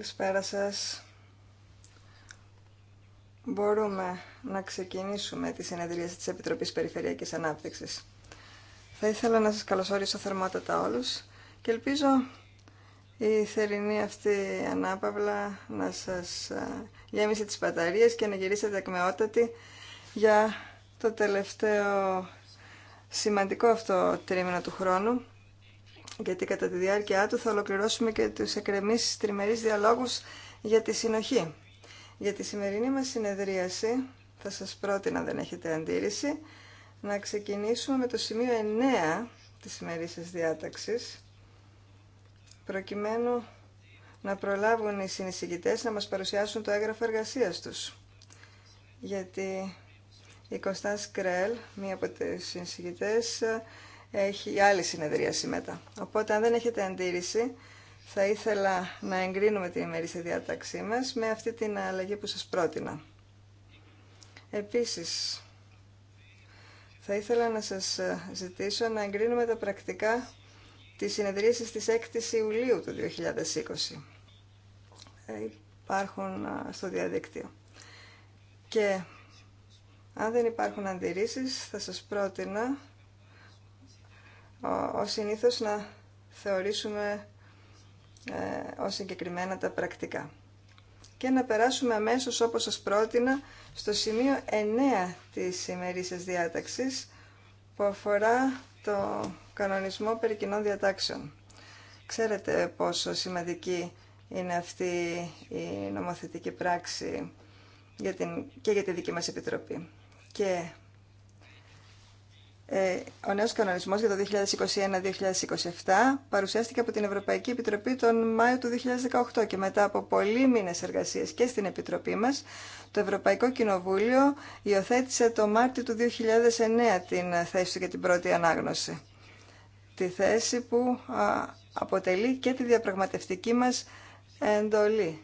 Καλησπέρα σας. Μπορούμε να ξεκινήσουμε τη συνεδρίαση της Επιτροπής Περιφερειακής Ανάπτυξης. Θα ήθελα να σας καλωσορίσω θερμότατα όλους και ελπίζω η θερινή αυτή ανάπαυλα να σας ε, γέμισε τις μπαταρίες και να γυρίσετε ακμεότατοι για το τελευταίο σημαντικό αυτό τρίμηνο του χρόνου γιατί κατά τη διάρκεια του θα ολοκληρώσουμε και τους εκρεμείς τριμερείς διαλόγους για τη συνοχή. Για τη σημερινή μας συνεδρίαση, θα σας πρότεινα δεν έχετε αντίρρηση, να ξεκινήσουμε με το σημείο 9 της σημερινής διάταξης, προκειμένου να προλάβουν οι συνεισηγητές να μας παρουσιάσουν το έγγραφο εργασίας τους. Γιατί η Κωνσταντ Κρέλ, μία από τις συνεισηγητές, έχει άλλη συνεδρίαση μετά. Οπότε, αν δεν έχετε αντίρρηση, θα ήθελα να εγκρίνουμε την ημερήσια διάταξή μας με αυτή την αλλαγή που σας πρότεινα. Επίσης, θα ήθελα να σας ζητήσω να εγκρίνουμε τα πρακτικά της συνεδρίασης της 6ης Ιουλίου του 2020. Ε, υπάρχουν στο διαδίκτυο. Και αν δεν υπάρχουν αντιρρήσεις, θα σας πρότεινα ο συνήθως να θεωρήσουμε ε, ως συγκεκριμένα τα πρακτικά. Και να περάσουμε αμέσως, όπως σας πρότεινα, στο σημείο 9 της ημερήσιας διάταξης, που αφορά το κανονισμό περί κοινών διατάξεων. Ξέρετε πόσο σημαντική είναι αυτή η νομοθετική πράξη για την, και για τη δική μας Επιτροπή. Και ε, ο νέος κανονισμός για το 2021-2027 παρουσιάστηκε από την Ευρωπαϊκή Επιτροπή τον Μάιο του 2018 και μετά από πολλοί μήνες εργασίες και στην Επιτροπή μας, το Ευρωπαϊκό Κοινοβούλιο υιοθέτησε το Μάρτιο του 2009 την θέση του για την πρώτη ανάγνωση. Τη θέση που αποτελεί και τη διαπραγματευτική μας εντολή.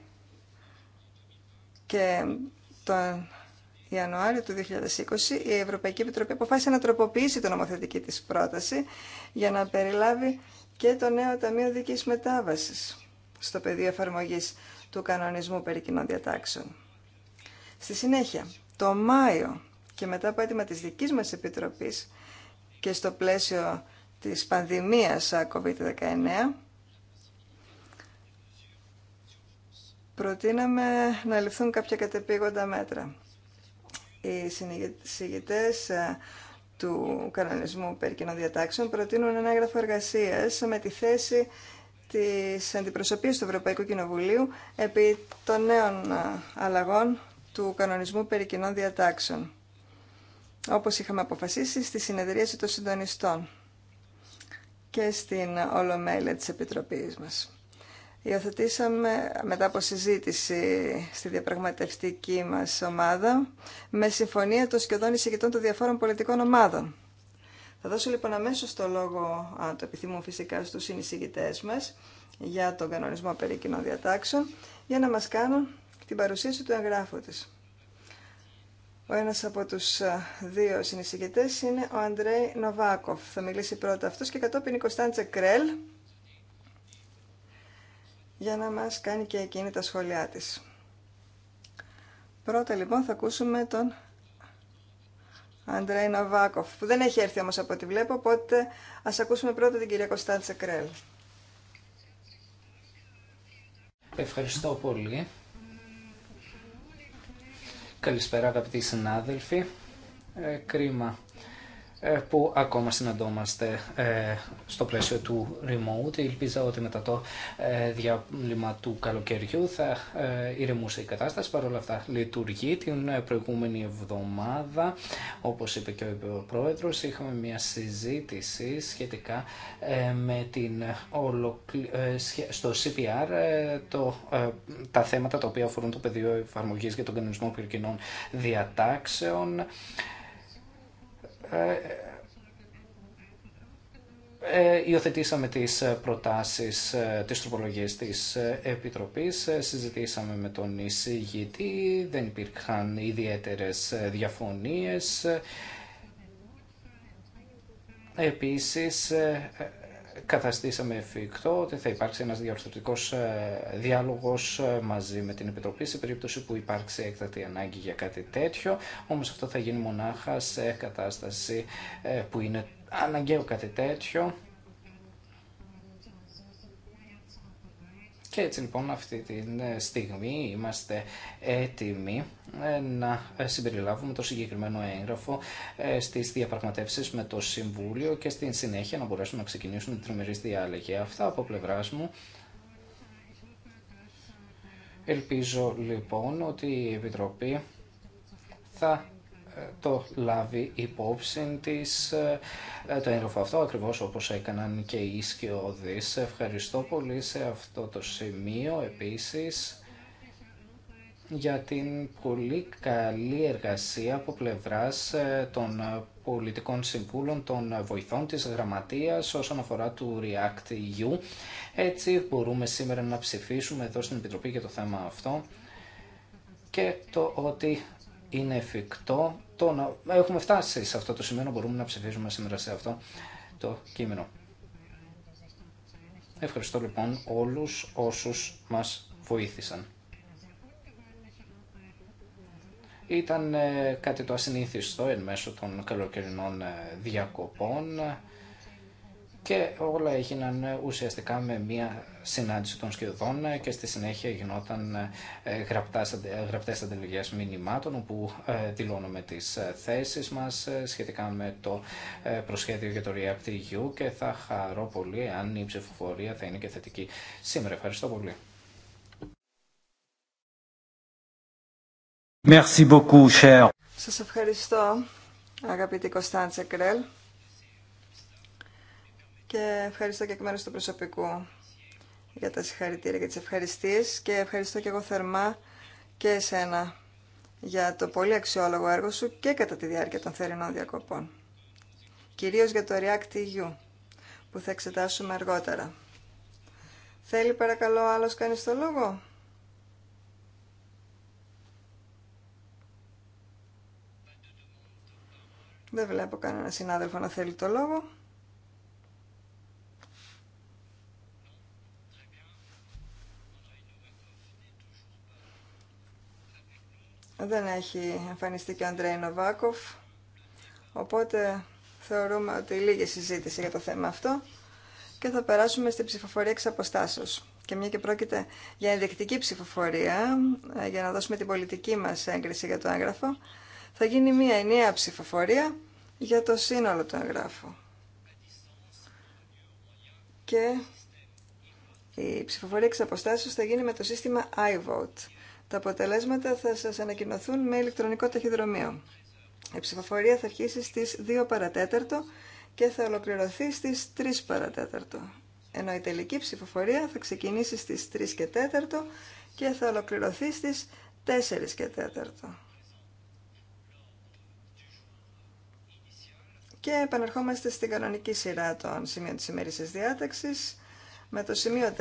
Και τον Ιανουάριο του 2020 η Ευρωπαϊκή Επιτροπή αποφάσισε να τροποποιήσει την νομοθετική της πρόταση για να περιλάβει και το νέο Ταμείο Δικής Μετάβασης στο πεδίο εφαρμογής του κανονισμού περί κοινών διατάξεων. Στη συνέχεια, το Μάιο και μετά από έτοιμα της δικής μας Επιτροπής και στο πλαίσιο της πανδημίας COVID-19, προτείναμε να ληφθούν κάποια κατεπήγοντα μέτρα οι συγητές ε, του κανονισμού περί κοινών διατάξεων προτείνουν ένα έγγραφο εργασία με τη θέση της αντιπροσωπείας του Ευρωπαϊκού Κοινοβουλίου επί των νέων ε, αλλαγών του κανονισμού περί κοινών διατάξεων, όπως είχαμε αποφασίσει στη συνεδρίαση των συντονιστών και στην Ολομέλεια της Επιτροπής μας. Υιοθετήσαμε μετά από συζήτηση στη διαπραγματευτική μας ομάδα με συμφωνία των σχεδόν εισηγητών των διαφόρων πολιτικών ομάδων. Θα δώσω λοιπόν αμέσως το λόγο, αν το επιθυμούν φυσικά, στους συνεισηγητές μας για τον κανονισμό περί κοινών διατάξεων για να μας κάνουν την παρουσίαση του εγγράφου της. Ο ένα από τους δύο συνεισηγητές είναι ο Αντρέι Νοβάκοφ. Θα μιλήσει πρώτα αυτός και κατόπιν η Κωνσταντζε Κρέλ για να μας κάνει και εκείνη τα σχόλιά της. Πρώτα λοιπόν θα ακούσουμε τον Αντρέι Ναβάκοφ, που δεν έχει έρθει όμως από ό,τι βλέπω, οπότε ας ακούσουμε πρώτα την κυρία Κωνσταντσε Κρέλ. Ευχαριστώ πολύ. Καλησπέρα αγαπητοί συνάδελφοι. Ε, κρίμα ε, που ακόμα συναντώμαστε ε, στο πλαίσιο του remote. ελπίζω ότι μετά το ε, διάλειμμα του καλοκαιριού θα ηρεμούσε η κατάσταση. Παρ' όλα αυτά λειτουργεί. Την προηγούμενη εβδομάδα, όπως είπε και ο Πρόεδρος, είχαμε μια συζήτηση σχετικά με την ολοκλη... στο CPR το... τα θέματα τα οποία αφορούν το πεδίο εφαρμογής για τον κανονισμό πυρκινών διατάξεων ε, ε, ε, υιοθετήσαμε τις προτάσεις, της τροπολογίας της Επιτροπής, συζητήσαμε με τον εισηγητή, δεν υπήρχαν ιδιαίτερες διαφωνίες. Επίσης, καταστήσαμε εφικτό ότι θα υπάρξει ένας διορθωτικός ε, διάλογος ε, μαζί με την Επιτροπή σε περίπτωση που υπάρξει έκτατη ανάγκη για κάτι τέτοιο, όμως αυτό θα γίνει μονάχα σε κατάσταση ε, που είναι αναγκαίο κάτι τέτοιο Και έτσι λοιπόν αυτή τη στιγμή είμαστε έτοιμοι ε, να ε, συμπεριλάβουμε το συγκεκριμένο έγγραφο ε, στις διαπραγματεύσεις με το Συμβούλιο και στην συνέχεια να μπορέσουμε να ξεκινήσουμε την τρομερή διάλεγη. Αυτά από πλευρά μου. Ελπίζω λοιπόν ότι η Επιτροπή θα το λάβει υπόψη της ε, ε, το έγγραφο αυτό ακριβώς όπως έκαναν και οι σκιώδεις. Ευχαριστώ πολύ σε αυτό το σημείο επίσης για την πολύ καλή εργασία από πλευράς ε, των πολιτικών συμβούλων, των βοηθών της γραμματείας όσον αφορά του React-EU. Έτσι μπορούμε σήμερα να ψηφίσουμε εδώ στην Επιτροπή για το θέμα αυτό και το ότι είναι εφικτό το να... Έχουμε φτάσει σε αυτό το σημείο, μπορούμε να ψηφίζουμε σήμερα σε αυτό το κείμενο. Ευχαριστώ λοιπόν όλους όσους μας βοήθησαν. Ήταν ε, κάτι το ασυνήθιστο εν μέσω των καλοκαιρινών ε, διακοπών και όλα έγιναν ε, ουσιαστικά με μία συνάντηση των σχεδόν ε, και στη συνέχεια γινόταν ε, γραπτές ανταλλαγές μηνυμάτων όπου δηλώνουμε τις θέσεις μας σχετικά με το προσχέδιο για το ReactEU και θα χαρώ πολύ αν η ψηφοφορία θα είναι και θετική σήμερα. Ευχαριστώ πολύ. Merci Σας ευχαριστώ, αγαπητή Κωνσταντζε Κρέλ και ευχαριστώ και εκ μέρους του προσωπικού για τα συγχαρητήρια και τις ευχαριστίες και ευχαριστώ και εγώ θερμά και εσένα για το πολύ αξιόλογο έργο σου και κατά τη διάρκεια των θερινών διακοπών. Κυρίως για το React EU που θα εξετάσουμε αργότερα. Θέλει παρακαλώ άλλος κάνει το λόγο? Δεν βλέπω κανένα συνάδελφο να θέλει το λόγο. Δεν έχει εμφανιστεί και ο Αντρέι Νοβάκοφ, οπότε θεωρούμε ότι λίγη συζήτηση για το θέμα αυτό και θα περάσουμε στην ψηφοφορία εξ αποστάσεως. Και μια και πρόκειται για ενδεικτική ψηφοφορία, ε, για να δώσουμε την πολιτική μας έγκριση για το έγγραφο, θα γίνει μια ενιαία ψηφοφορία για το σύνολο του εγγράφου. Και η ψηφοφορία εξ αποστάσεως θα γίνει με το σύστημα iVote. Τα αποτελέσματα θα σας ανακοινωθούν με ηλεκτρονικό ταχυδρομείο. Η ψηφοφορία θα αρχίσει στις 2 παρατέταρτο και θα ολοκληρωθεί στις 3 παρατέταρτο. Ενώ η τελική ψηφοφορία θα ξεκινήσει στις 3 και 4 και θα ολοκληρωθεί στις 4 και 4. Και επαναρχόμαστε στην κανονική σειρά των σημείων της ημερήσιας διάταξης με το σημείο 4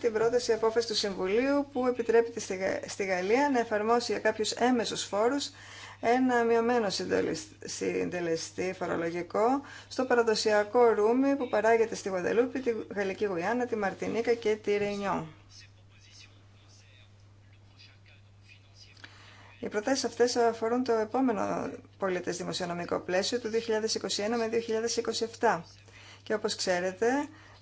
την πρόταση απόφαση του Συμβουλίου που επιτρέπει στη Γαλλία να εφαρμόσει για κάποιους έμεσους φόρους ένα μειωμένο συντελεστή φορολογικό στο παραδοσιακό ρούμι που παράγεται στη Γουαδελούπη, τη Γαλλική Γουιάννα, τη Μαρτινίκα και τη Ρενιό. Οι προτάσει αυτέ αφορούν το επόμενο πολίτε δημοσιονομικό πλαίσιο του 2021 με 2027. Και όπω ξέρετε,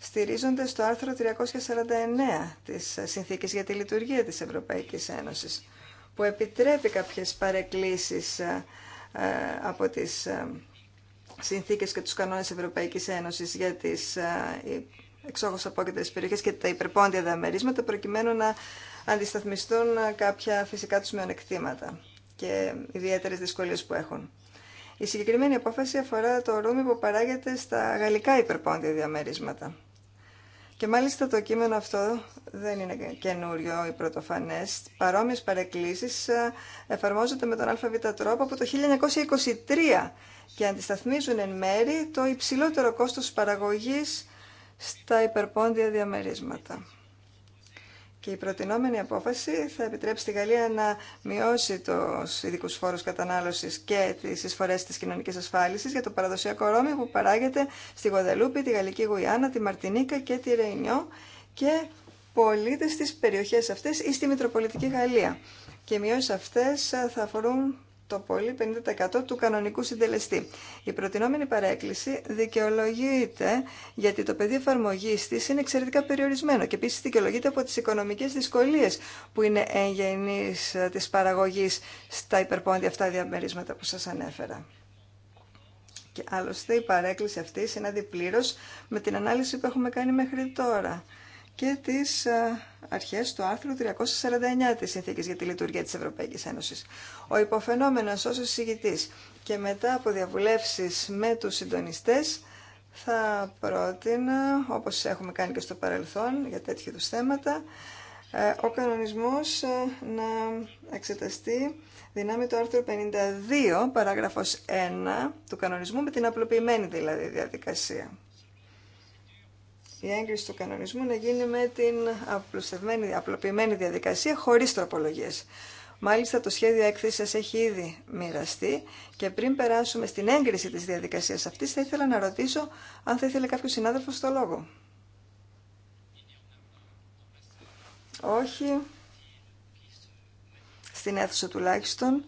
στηρίζονται στο άρθρο 349 της Συνθήκης για τη Λειτουργία της Ευρωπαϊκής Ένωσης, που επιτρέπει κάποιες παρεκκλήσεις ε, ε, από τις ε, συνθήκες και τους κανόνες Ευρωπαϊκής Ένωσης για τις εξόχως απόκεντρες περιοχές και τα υπερπόντια διαμερίσματα προκειμένου να αντισταθμιστούν κάποια φυσικά τους μειονεκτήματα και ιδιαίτερες δυσκολίες που έχουν. Η συγκεκριμένη απόφαση αφορά το ρούμι που παράγεται στα γαλλικά υπερπόντια διαμερίσματα. Και μάλιστα το κείμενο αυτό δεν είναι καινούριο ή πρωτοφανέ. Παρόμοιε παρεκκλήσει ε, εφαρμόζονται με τον ΑΒ τρόπο από το 1923 και αντισταθμίζουν εν μέρη το υψηλότερο κόστος παραγωγής στα υπερπόντια διαμερίσματα. Και η προτινόμενη απόφαση θα επιτρέψει τη Γαλλία να μειώσει του ειδικού φόρου κατανάλωση και τι εισφορέ τη κοινωνική ασφάλισης για το παραδοσιακό ρόμι που παράγεται στη Γοδελούπη, τη Γαλλική Γουιάννα, τη Μαρτινίκα και τη Ρεϊνιό και πολίτε στι περιοχέ αυτέ ή στη Μητροπολιτική Γαλλία. Και οι μειώσει αυτέ θα αφορούν το πολύ 50% του κανονικού συντελεστή. Η προτινόμενη παρέκκληση δικαιολογείται γιατί το πεδίο εφαρμογή τη είναι εξαιρετικά περιορισμένο και επίση δικαιολογείται από τι οικονομικέ δυσκολίε που είναι εγγενεί ε, τη παραγωγή στα υπερπόντια αυτά διαμερίσματα που σα ανέφερα. Και άλλωστε η παρέκκληση αυτή συνάδει πλήρω με την ανάλυση που έχουμε κάνει μέχρι τώρα και τις ε, αρχές του άρθρου 349 της Συνθήκης για τη Λειτουργία της Ευρωπαϊκής Ένωσης. Ο υποφαινόμενος ως εισηγητής και μετά από διαβουλεύσεις με τους συντονιστές θα πρότεινα, όπως έχουμε κάνει και στο παρελθόν για τέτοιου του θέματα, ε, ο κανονισμός ε, να εξεταστεί δυνάμει το άρθρο 52, παράγραφος 1 του κανονισμού, με την απλοποιημένη δηλαδή διαδικασία η έγκριση του κανονισμού να γίνει με την απλοποιημένη διαδικασία χωρίς τροπολογίες. Μάλιστα το σχέδιο έκθεσης σας έχει ήδη μοιραστεί και πριν περάσουμε στην έγκριση της διαδικασίας αυτής θα ήθελα να ρωτήσω αν θα ήθελε κάποιος συνάδελφος το λόγο. Όχι. Στην αίθουσα τουλάχιστον.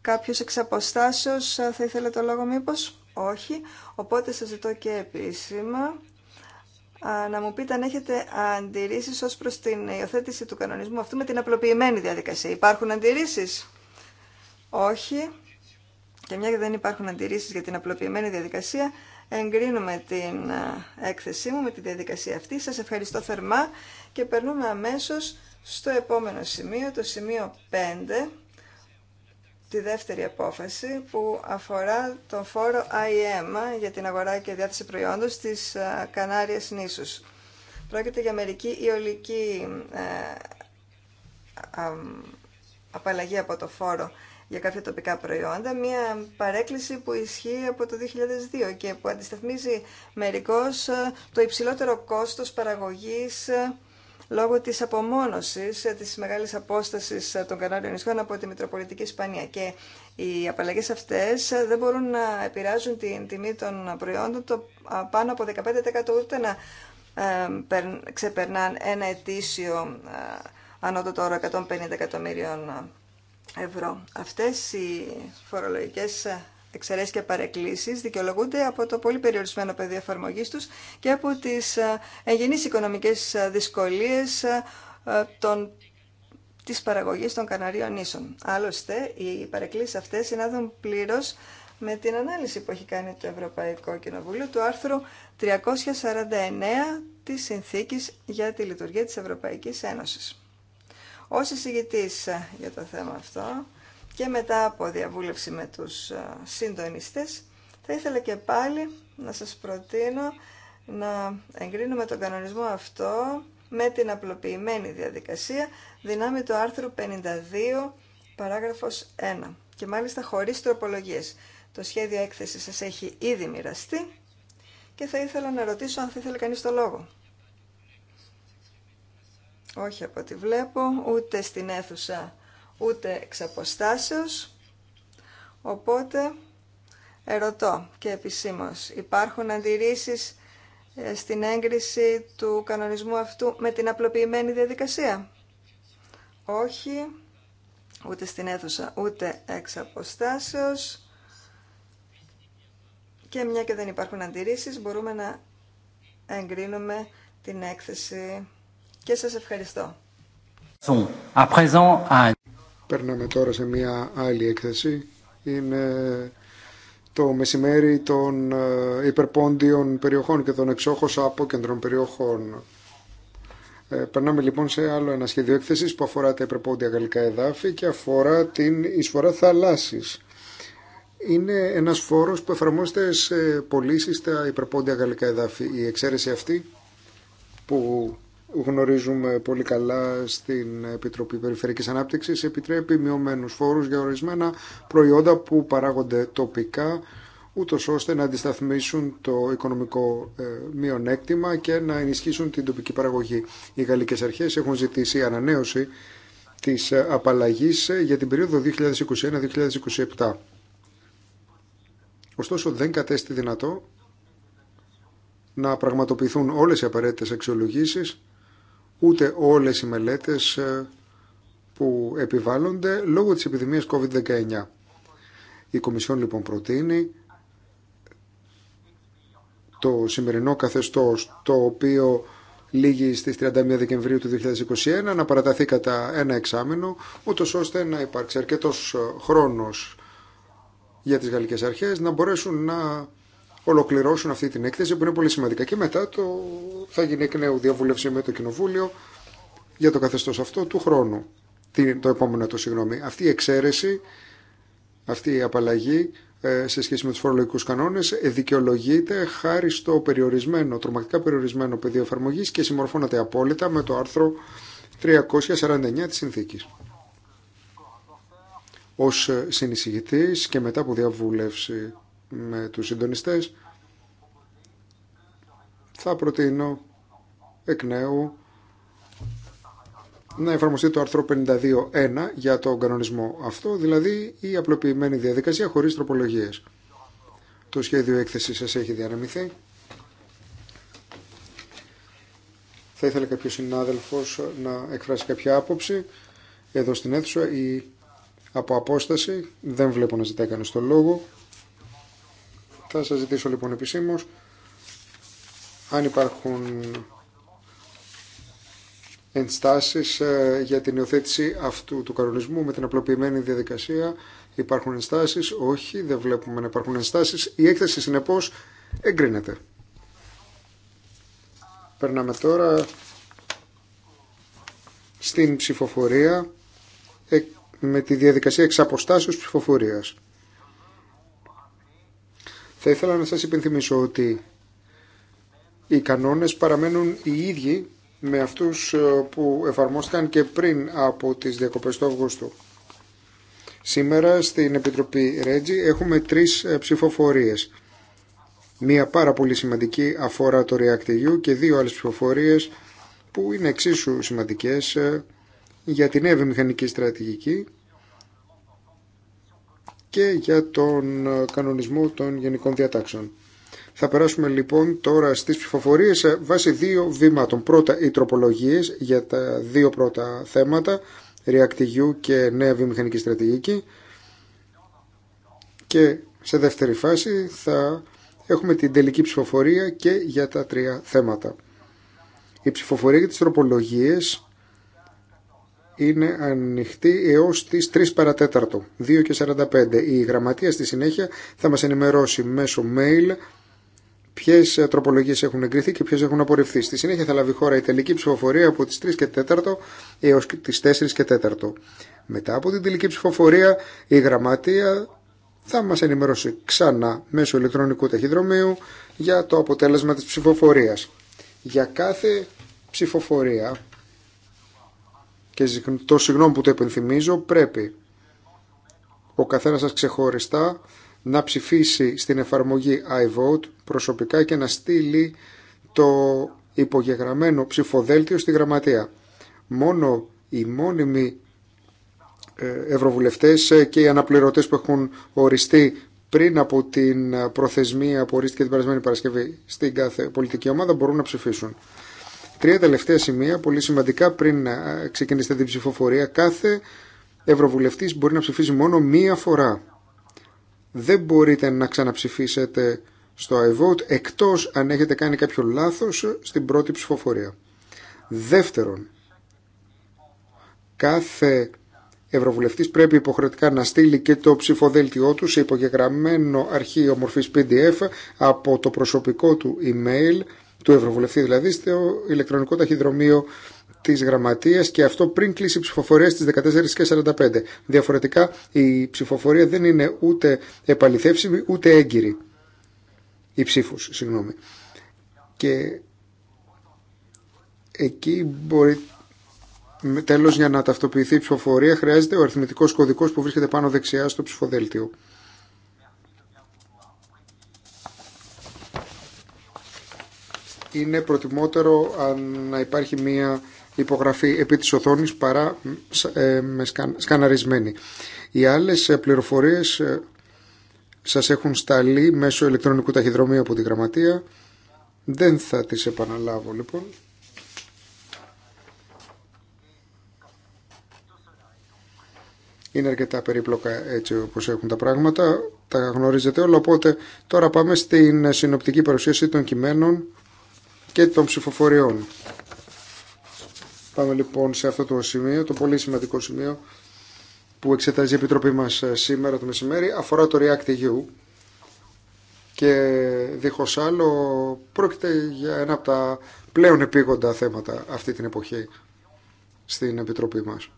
Κάποιος εξ αποστάσεως θα ήθελε το λόγο μήπως. Όχι. Οπότε σας ζητώ και επίσημα να μου πείτε αν έχετε αντιρρήσεις ως προς την υιοθέτηση του κανονισμού αυτού με την απλοποιημένη διαδικασία. Υπάρχουν αντιρρήσεις? Όχι. Και μια και δεν υπάρχουν αντιρρήσεις για την απλοποιημένη διαδικασία, εγκρίνουμε την έκθεσή μου με τη διαδικασία αυτή. Σας ευχαριστώ θερμά και περνούμε αμέσως στο επόμενο σημείο, το σημείο 5 τη δεύτερη απόφαση που αφορά το φόρο IEM για την αγορά και διάθεση προϊόντων στις Κανάριες νήσους. Πρόκειται για μερική ιολική ε, απαλλαγή από το φόρο για κάποια τοπικά προϊόντα, μια παρέκκληση που ισχύει από το 2002 και που αντισταθμίζει μερικώς το υψηλότερο κόστος παραγωγής λόγω της απομόνωσης, ε, της μεγάλης απόστασης ε, των Κανάριων νησιών από τη Μητροπολιτική Ισπανία. Και οι απαλλαγές αυτές ε, δεν μπορούν να επηρεάζουν την τιμή των προϊόντων το πάνω από 15% ούτε να ξεπερνάνε ένα ετήσιο ανώτατο όρο 150 εκατομμύριων ευρώ. Αυτές οι φορολογικές εξαιρέσει και παρεκκλήσει, δικαιολογούνται από το πολύ περιορισμένο πεδίο εφαρμογή του και από τις ε, εγγενείς οικονομικές ε, δυσκολίες ε, των της παραγωγής των Καναρίων Ίσων. Άλλωστε, οι παρεκκλήσεις αυτές συνάδουν πλήρως με την ανάλυση που έχει κάνει το Ευρωπαϊκό Κοινοβούλιο του άρθρου 349 της Συνθήκης για τη Λειτουργία της Ευρωπαϊκής Ένωσης. Ως εισηγητής για το θέμα αυτό, και μετά από διαβούλευση με τους ε, συντονιστές θα ήθελα και πάλι να σας προτείνω να εγκρίνουμε τον κανονισμό αυτό με την απλοποιημένη διαδικασία δυνάμει του άρθρου 52 παράγραφος 1 και μάλιστα χωρίς τροπολογίες. Το σχέδιο έκθεσης σας έχει ήδη μοιραστεί και θα ήθελα να ρωτήσω αν θα ήθελε κανείς το λόγο. Όχι από ό,τι βλέπω, ούτε στην αίθουσα ούτε εξ αποστάσεως. Οπότε, ερωτώ και επισήμως, υπάρχουν αντιρρήσεις ε, στην έγκριση του κανονισμού αυτού με την απλοποιημένη διαδικασία. Όχι, ούτε στην αίθουσα, ούτε εξ αποστάσεως. Και μια και δεν υπάρχουν αντιρρήσεις, μπορούμε να εγκρίνουμε την έκθεση. Και σας ευχαριστώ. Περνάμε τώρα σε μια άλλη έκθεση. Είναι το μεσημέρι των ε, υπερπόντιων περιοχών και των εξόχως κέντρων περιοχών. Ε, περνάμε λοιπόν σε άλλο ένα σχέδιο έκθεσης που αφορά τα υπερπόντια γαλλικά εδάφη και αφορά την εισφορά θαλάσσης. Είναι ένας φόρος που εφαρμόζεται σε πωλήσει στα υπερπόντια γαλλικά εδάφη. Η εξαίρεση αυτή που γνωρίζουμε πολύ καλά στην Επιτροπή Περιφερειακής Ανάπτυξης επιτρέπει μειωμένους φόρους για ορισμένα προϊόντα που παράγονται τοπικά ούτω ώστε να αντισταθμίσουν το οικονομικό ε, μειονέκτημα και να ενισχύσουν την τοπική παραγωγή. Οι γαλλικές αρχές έχουν ζητήσει ανανέωση της ε, απαλλαγής για την περίοδο 2021-2027. Ωστόσο δεν κατέστη δυνατό να πραγματοποιηθούν όλες οι απαραίτητες αξιολογήσεις ούτε όλες οι μελέτες ε, που επιβάλλονται λόγω της επιδημίας COVID-19. Η Κομισιόν λοιπόν προτείνει το σημερινό καθεστώς το οποίο λήγει στις 31 Δεκεμβρίου του 2021 να παραταθεί κατά ένα εξάμεινο, ούτως ώστε να υπάρξει αρκετός χρόνος για τις γαλλικές αρχές να μπορέσουν να ολοκληρώσουν αυτή την έκθεση που είναι πολύ σημαντικά και μετά το θα γίνει εκ νέου διαβούλευση με το Κοινοβούλιο για το καθεστώ αυτό του χρόνου, το επόμενο το συγγνώμη. Αυτή η εξαίρεση, αυτή η απαλλαγή ε, σε σχέση με τους φορολογικούς κανόνες ε, δικαιολογείται χάρη στο περιορισμένο, τρομακτικά περιορισμένο πεδίο εφαρμογή και συμμορφώνεται απόλυτα με το άρθρο 349 της συνθήκης. Ως συνεισηγητής και μετά από διαβούλευση με τους συντονιστές θα προτείνω εκ νέου να εφαρμοστεί το άρθρο 52.1 για τον κανονισμό αυτό, δηλαδή η απλοποιημένη διαδικασία χωρίς τροπολογίες. Το σχέδιο έκθεση σας έχει διανεμηθεί. Θα ήθελε κάποιος συνάδελφος να εκφράσει κάποια άποψη εδώ στην αίθουσα ή από απόσταση. Δεν βλέπω να ζητάει κανείς το λόγο. Θα σας ζητήσω λοιπόν επισήμως αν υπάρχουν ενστάσεις ε, για την υιοθέτηση αυτού του κανονισμού με την απλοποιημένη διαδικασία. Υπάρχουν ενστάσεις, όχι, δεν βλέπουμε να υπάρχουν ενστάσεις. Η έκθεση συνεπώς εγκρίνεται. Περνάμε τώρα στην ψηφοφορία με τη διαδικασία εξαποστάσεως ψηφοφορίας. Θα ήθελα να σας υπενθυμίσω ότι οι κανόνες παραμένουν οι ίδιοι με αυτούς ε, που εφαρμόστηκαν και πριν από τις διακοπές του Αυγούστου. Σήμερα στην Επιτροπή Ρέτζι έχουμε τρεις ε, ψηφοφορίες. Μία πάρα πολύ σημαντική αφορά το React.eu και δύο άλλες ψηφοφορίες που είναι εξίσου σημαντικές ε, για την νέα μηχανική στρατηγική και για τον ε, κανονισμό των γενικών διατάξεων. Θα περάσουμε λοιπόν τώρα στις ψηφοφορίες βάσει δύο βήματων. Πρώτα οι τροπολογίες για τα δύο πρώτα θέματα, Reactive και νέα βιομηχανική στρατηγική. Και σε δεύτερη φάση θα έχουμε την τελική ψηφοφορία και για τα τρία θέματα. Η ψηφοφορία για τις τροπολογίες είναι ανοιχτή έω τι 3 παρατέταρτο, 2 και 45. Η γραμματεία στη συνέχεια θα μα ενημερώσει μέσω mail ποιε τροπολογίε έχουν εγκριθεί και ποιε έχουν απορριφθεί. Στη συνέχεια θα λάβει χώρα η τελική ψηφοφορία από τι 3 και 4 έω τι 4 και 4. Μετά από την τελική ψηφοφορία, η γραμματεία θα μα ενημερώσει ξανά μέσω ηλεκτρονικού ταχυδρομείου για το αποτέλεσμα τη ψηφοφορία. Για κάθε ψηφοφορία και το συγγνώμη που το επενθυμίζω πρέπει ο καθένας σας ξεχωριστά να ψηφίσει στην εφαρμογή iVote προσωπικά και να στείλει το υπογεγραμμένο ψηφοδέλτιο στη γραμματεία. Μόνο οι μόνιμοι ε, ευρωβουλευτές ε, και οι αναπληρωτές που έχουν οριστεί πριν από την ε, προθεσμία που ορίστηκε την περασμένη Παρασκευή στην κάθε πολιτική ομάδα μπορούν να ψηφίσουν. Τρία τελευταία σημεία, πολύ σημαντικά πριν ξεκινήσετε την ψηφοφορία. Κάθε ευρωβουλευτής μπορεί να ψηφίσει μόνο μία φορά. Δεν μπορείτε να ξαναψηφίσετε στο iVote εκτός αν έχετε κάνει κάποιο λάθος στην πρώτη ψηφοφορία. Δεύτερον, κάθε ευρωβουλευτής πρέπει υποχρεωτικά να στείλει και το ψηφοδέλτιό του σε υπογεγραμμένο αρχείο μορφής PDF από το προσωπικό του email του Ευρωβουλευτή, δηλαδή στο ηλεκτρονικό ταχυδρομείο τη Γραμματεία και αυτό πριν κλείσει η ψηφοφορία στι 14.45. Διαφορετικά η ψηφοφορία δεν είναι ούτε επαληθεύσιμη ούτε έγκυρη. Η ψήφο, συγγνώμη. Και εκεί μπορεί. Τέλο, για να ταυτοποιηθεί η ψηφοφορία χρειάζεται ο αριθμητικό κωδικό που βρίσκεται πάνω δεξιά στο ψηφοδέλτιο. είναι προτιμότερο να υπάρχει μία υπογραφή επί της οθόνης παρά ε, με σκαναρισμένη. Οι άλλες ε, πληροφορίες ε, σας έχουν σταλεί μέσω ηλεκτρονικού ταχυδρομείου από τη γραμματεία. Δεν θα τις επαναλάβω λοιπόν. Είναι αρκετά περίπλοκα έτσι όπως έχουν τα πράγματα. Τα γνωρίζετε όλα. Οπότε τώρα πάμε στην συνοπτική παρουσίαση των κειμένων και των ψηφοφοριών. Πάμε λοιπόν σε αυτό το σημείο, το πολύ σημαντικό σημείο που εξετάζει η Επιτροπή μας ε, σήμερα το μεσημέρι, αφορά το react και δίχως άλλο πρόκειται για ένα από τα πλέον επίγοντα θέματα αυτή την εποχή στην Επιτροπή μας.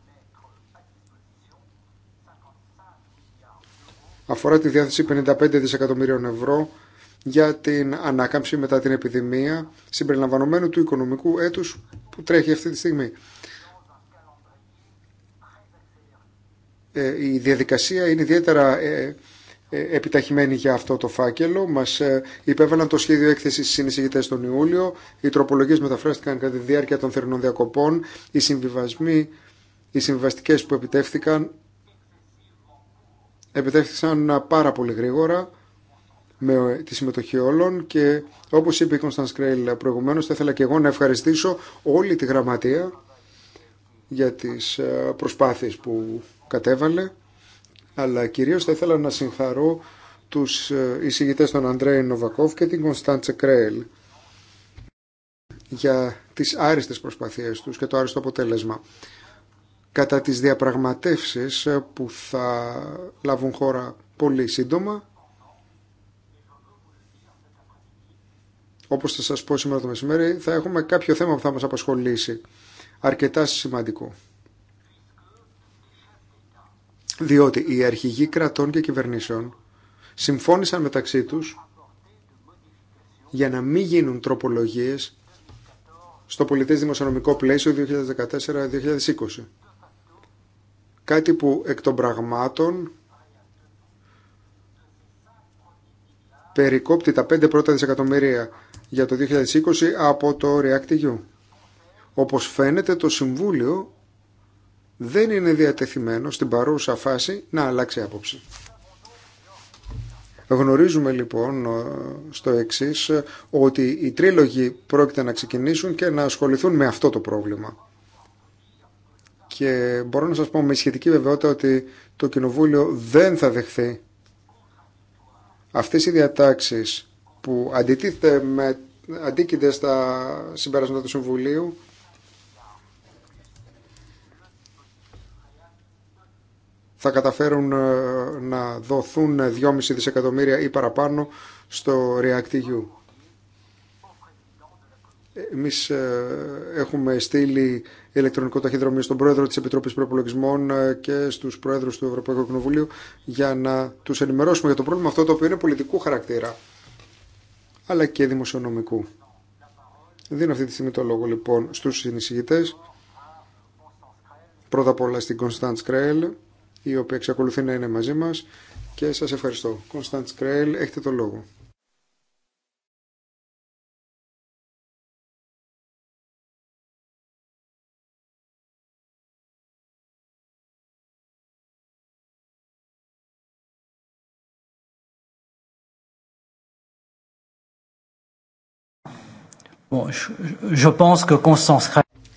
Αφορά τη διάθεση 55 δισεκατομμύριων ευρώ για την ανάκαμψη μετά την επιδημία συμπεριλαμβανομένου του οικονομικού έτους που τρέχει αυτή τη στιγμή. Ε, η διαδικασία είναι ιδιαίτερα ε, ε, επιταχυμένη για αυτό το φάκελο. Μας υπέβαλαν το σχέδιο έκθεσης συνεισηγητές τον Ιούλιο. Οι τροπολογίες μεταφράστηκαν κατά τη διάρκεια των θερινών διακοπών. Οι συμβιβασμοί, οι συμβιβαστικέ που επιτεύχθηκαν επιτεύχθησαν πάρα πολύ γρήγορα με τη συμμετοχή όλων και όπως είπε η Κωνσταντ Κρέιλ προηγουμένως θα ήθελα και εγώ να ευχαριστήσω όλη τη γραμματεία για τις ε, προσπάθειες που κατέβαλε αλλά κυρίως θα ήθελα να συγχαρώ τους ε, εισηγητές των Αντρέι Νοβακόφ και την Κωνσταντσε Κρέιλ για τις άριστες προσπαθίες τους και το άριστο αποτέλεσμα κατά τις διαπραγματεύσεις ε, που θα λάβουν χώρα πολύ σύντομα όπως θα σας πω σήμερα το μεσημέρι, θα έχουμε κάποιο θέμα που θα μας απασχολήσει. Αρκετά σημαντικό. Διότι οι αρχηγοί κρατών και κυβερνήσεων συμφώνησαν μεταξύ τους για να μην γίνουν τροπολογίες στο πολιτές δημοσιονομικό πλαίσιο 2014-2020. Κάτι που εκ των πραγμάτων περικόπτει τα 5 πρώτα δισεκατομμύρια για το 2020 από το ReactEU. Όπως φαίνεται το Συμβούλιο δεν είναι διατεθειμένο στην παρούσα φάση να αλλάξει άποψη. Γνωρίζουμε λοιπόν ε, στο εξή ε, ότι οι τρίλογοι πρόκειται να ξεκινήσουν και να ασχοληθούν με αυτό το πρόβλημα. Και μπορώ να σας πω με σχετική βεβαιότητα ότι το Κοινοβούλιο δεν θα δεχθεί αυτές οι διατάξεις που αντιτίθεται με, αντίκειται στα συμπέρασματα του Συμβουλίου θα καταφέρουν ε, να δοθούν 2,5 δισεκατομμύρια ή παραπάνω στο ReactEU. Εμείς ε, έχουμε στείλει ηλεκτρονικό ταχυδρομείο στον πρόεδρο της Επιτροπής Προπολογισμών ε, και στους πρόεδρους του Ευρωπαϊκού Κοινοβουλίου για να τους ενημερώσουμε για το πρόβλημα αυτό το οποίο είναι πολιτικού χαρακτήρα αλλά και δημοσιονομικού. Δίνω αυτή τη στιγμή το λόγο λοιπόν στους συνεισηγητές. Πρώτα απ' όλα στην Κωνσταντ Κρέλ, η οποία εξακολουθεί να είναι μαζί μας και σας ευχαριστώ. Κωνσταντ Κρέλ, έχετε το λόγο.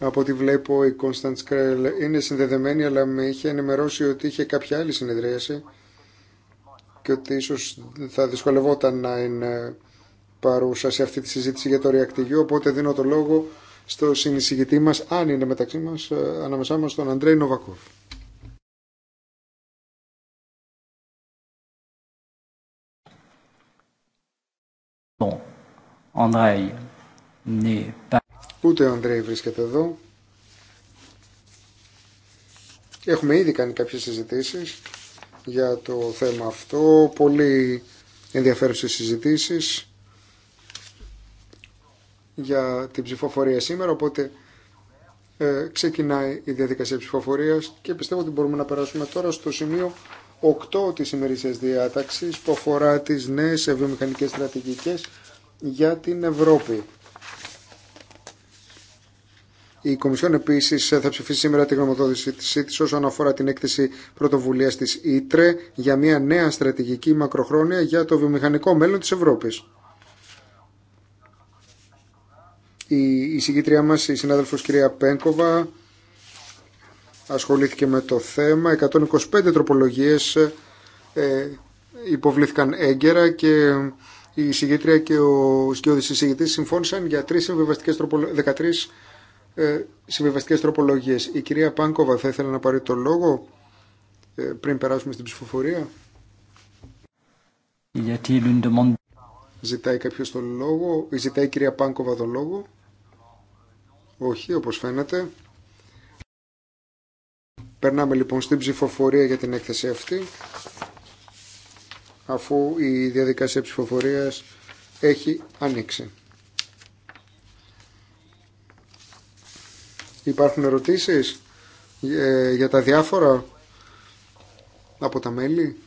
Από ό,τι βλέπω η Κωνσταντ Κρέλ είναι συνδεδεμένη αλλά με είχε ενημερώσει ότι είχε κάποια άλλη συνεδρίαση και ότι ίσως θα δυσκολευόταν να είναι παρούσα σε αυτή τη συζήτηση για το Reactive οπότε δίνω το λόγο στο συνεισηγητή μας, αν είναι μεταξύ μας, ε, ανάμεσά μας, τον Αντρέι Νοβακόφ. Bon. Andrei. Ναι. Ούτε ο Ανδρέη βρίσκεται εδώ. Έχουμε ήδη κάνει κάποιες συζητήσεις για το θέμα αυτό. Πολύ ενδιαφέρουσες συζητήσεις για την ψηφοφορία σήμερα, οπότε ε, ξεκινάει η διαδικασία ψηφοφορίας και πιστεύω ότι μπορούμε να περάσουμε τώρα στο σημείο 8 της ημερήσιας διάταξης που αφορά τις νέες βιομηχανικές στρατηγικές για την Ευρώπη. Η Κομισιόν επίση ε, θα ψηφίσει σήμερα τη γνωμοδότησή τη ε, όσον αφορά την έκθεση πρωτοβουλία τη ΙΤΡΕ για μια νέα στρατηγική μακροχρόνια για το βιομηχανικό μέλλον τη Ευρώπη. Η εισηγήτριά μα, η συνάδελφο κυρία Πένκοβα, ασχολήθηκε με το θέμα. 125 τροπολογίε ε, υποβλήθηκαν έγκαιρα και η εισηγήτρια και ο σκιώδη εισηγητή συμφώνησαν για τρει συμβιβαστικέ τροπολογίε ε, τροπολογίε. τροπολογίες. Η κυρία Πάνκοβα θα ήθελε να πάρει το λόγο ε, πριν περάσουμε στην ψηφοφορία. Ζητάει κάποιο το λόγο, ζητάει η κυρία Πάνκοβα το λόγο. Όχι, όπως φαίνεται. Περνάμε λοιπόν στην ψηφοφορία για την έκθεση αυτή, αφού η διαδικασία ψηφοφορίας έχει ανοίξει. Υπάρχουν ερωτήσεις ε, για τα διάφορα από τα μέλη.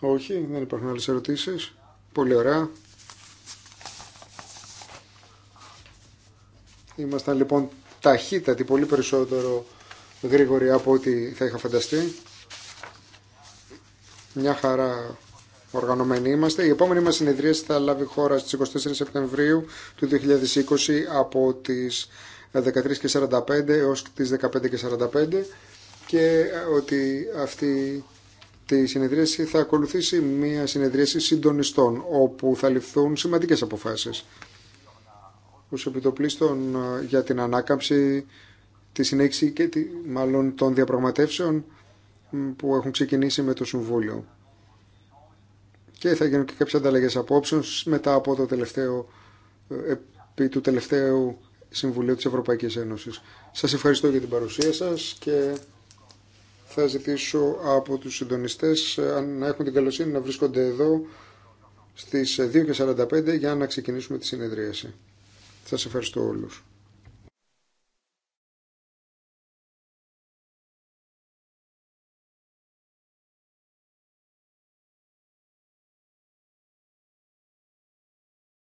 Όχι, δεν υπάρχουν άλλες ερωτήσεις. Πολύ ωραία. Ήμασταν λοιπόν ταχύτατοι, πολύ περισσότερο γρήγοροι από ό,τι θα είχα φανταστεί. Μια χαρά οργανωμένοι είμαστε. Η επόμενη μας συνεδρίαση θα λάβει χώρα στις 24 Σεπτεμβρίου του 2020 από τις 13 και 45 έως τις 15 και και ότι αυτή τη συνεδρίαση θα ακολουθήσει μια συνεδρίαση συντονιστών όπου θα ληφθούν σημαντικές αποφάσεις ως επιτοπλίστων ε, για την ανάκαμψη, τη συνέχιση και τη, μάλλον των διαπραγματεύσεων που έχουν ξεκινήσει με το Συμβούλιο. Και θα γίνουν και κάποιες ανταλλαγές απόψεων μετά από το τελευταίο, ε, επί του τελευταίου Συμβουλίου της Ευρωπαϊκής Ένωσης. Σας ευχαριστώ για την παρουσία σας και θα ζητήσω από τους συντονιστές ε, να έχουν την καλοσύνη να βρίσκονται εδώ στις 2.45 ε, για να ξεκινήσουμε τη συνεδρίαση. Σας ευχαριστώ όλους.